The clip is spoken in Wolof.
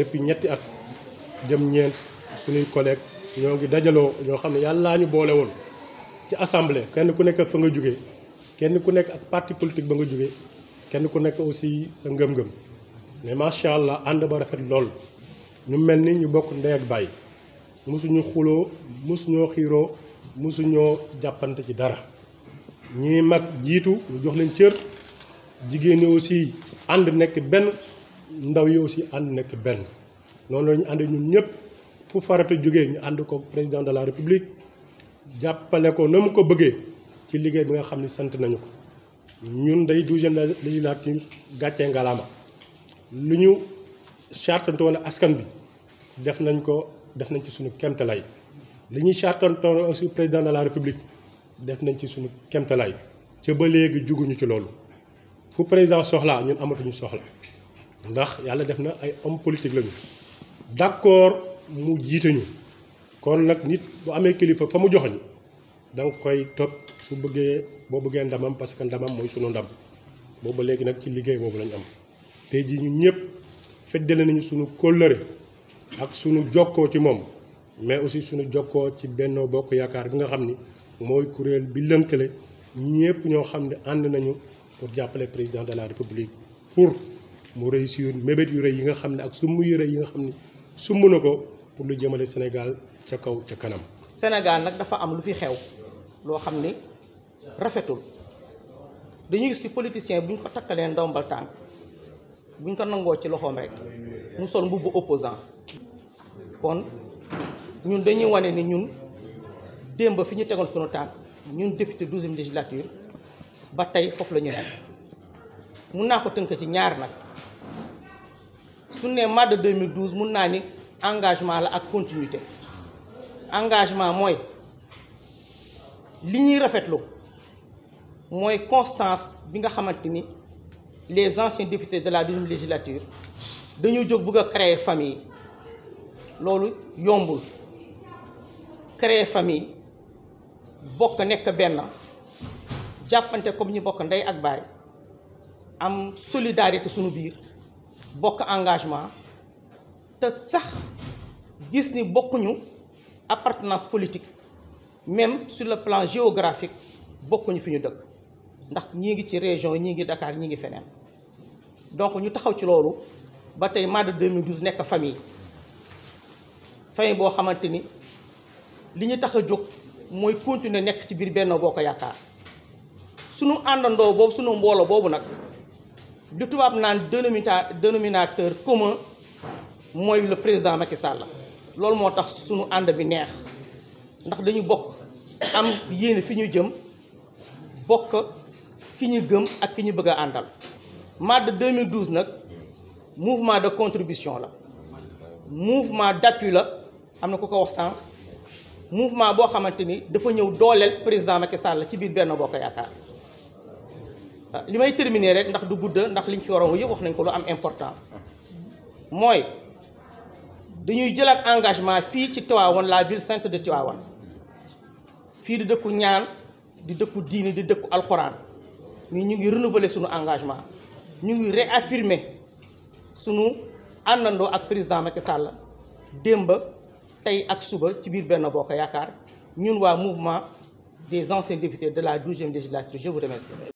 depuis ñetti at jëm ñeent suñuy collègue ñoo ngi dajaloo ñoo xam ne yàlla ñu boole woon ci assemblée kenn ku nekk fa nga jóge kenn ku nekk ak parti politique ba nga jóge kenn ku nekk aussi sa ngëm-ngëm mais macha allah ànd ba rafet lool ñu mel ni ñu bokk ndey ak bàyyi mosuñu xuloo mosuñoo xiiroo mosuñoo jàppante ci dara ñii mag jiitu ñu jox leen cër jigéen ñi aussi ànd nekk benn ndaw yi aussi ànd nekk benn noonu la ñu ànd ñun ñëpp fu farata jógee ñu ànd ko président de la république jàppale ko na ko bëggee ci liggéey bi nga xam ne sant nañu ko ñun day douzième législature gàccee ngalaama lu ñu chartante woon askan bi def nañ ko def nañ ci suñu kemtalaay li ñuy chartante woon aussi président de la république def nañ ci suñu kemtalaay ca ba léegi juguñu ci loolu fu président soxlaa ñun amatuñu soxla ndax yàlla def na ay homme politique lañu d'accord mu jiite ñu kon nag nit bu amee kilifa fa mu joxoñ da nga koy topp su bëggee boo bëggee ndamam parce que ndamam mooy sunu ndam booba léegi nag ci liggéey boobu lañ am te jii ñu ñëpp feddale nañu suñu kóllëre ak sunu jokkoo ci moom mais aussi suñu jokkoo ci benn Bokk Yaakaar bi nga xam ni mooy kuréel bi lënkale ñëpp ñoo xam ne ànd nañu pour jàppale président de la république pour mu réussir mébét yu rëy yi nga xam ne ak sumb yu rëy yi nga xam ne sumb na ko pour lu jëmale Sénégal ca kaw ca kanam. Sénégal nag dafa am lu fi xew loo xam ni rafetul dañuy gis ci politicien bu ñu ko takkalee ndombal tànk bu ñu ko nangoo ci loxoom rek mu sol mbubbu opposant kon ñun dañuy wane ni ñun démb fi ñu tegoon sunu tànk ñun député douzième législature ba tey foofu la ñu nekk mun naa ko tënk ci ñaar nag. suñu nee mars 2012 mun naa ni engagement la ak continuité engagement mooy li ñuy rafetlu mooy constance bi nga xamante ni les anciens députés de la douzième législature dañu jóg bëgg a créer famille loolu yombul créer famille bokk nekk benn jàppante comme ñu bokk ndey ak baay am solidarité sunu biir bokk engagement te sax gis ni bokkuñu appartenance politique même sur le plan géographique bokkuñu fi ñu dëkk ndax ñii ngi ci région ñii ngi Dakar ñii ngi feneen donc ñu taxaw ci loolu ba tey mois de 2012 nekk famille famille boo xamante ni li ñu tax a jóg mooy continuer nekk ci biir Benno Bokk Yaakaar sunu àndandoo boobu sunu mbooloo boobu nag. du tubaab naan dénomina dénominateur commun mooy le président Macky la loolu moo tax sunu ànd bi neex ndax dañu bokk am yéene fi ñu jëm bokk ki ñu gëm ak ki ñu bëgg a àndal. mars de 2012 nag mouvement de contribution la mouvement d'appui la am na ku ko wax sànq mouvement boo xamante ni dafa ñëw dooleel président Macky la ci biir Benno Bokk Yaakaar. Ah, li may terminer rek ndax du gudda ndax liñ fi war a wax wax nañ ko lu am importance mooy dañuy jëlaat engagement fii ci Tivaouane la ville sainte de Tivaouane fii di dëkku ñaan di dëkku diini di dëkku alxuraan mais ñu ngi renouveler suñu engagement ñu ngi réaffirmer suñu àndandoo ak président Macky sàll démb tey ak suba ci biir benn bokk yaakaar ñun waa mouvement des anciens députés de la douzième législature je vous remercie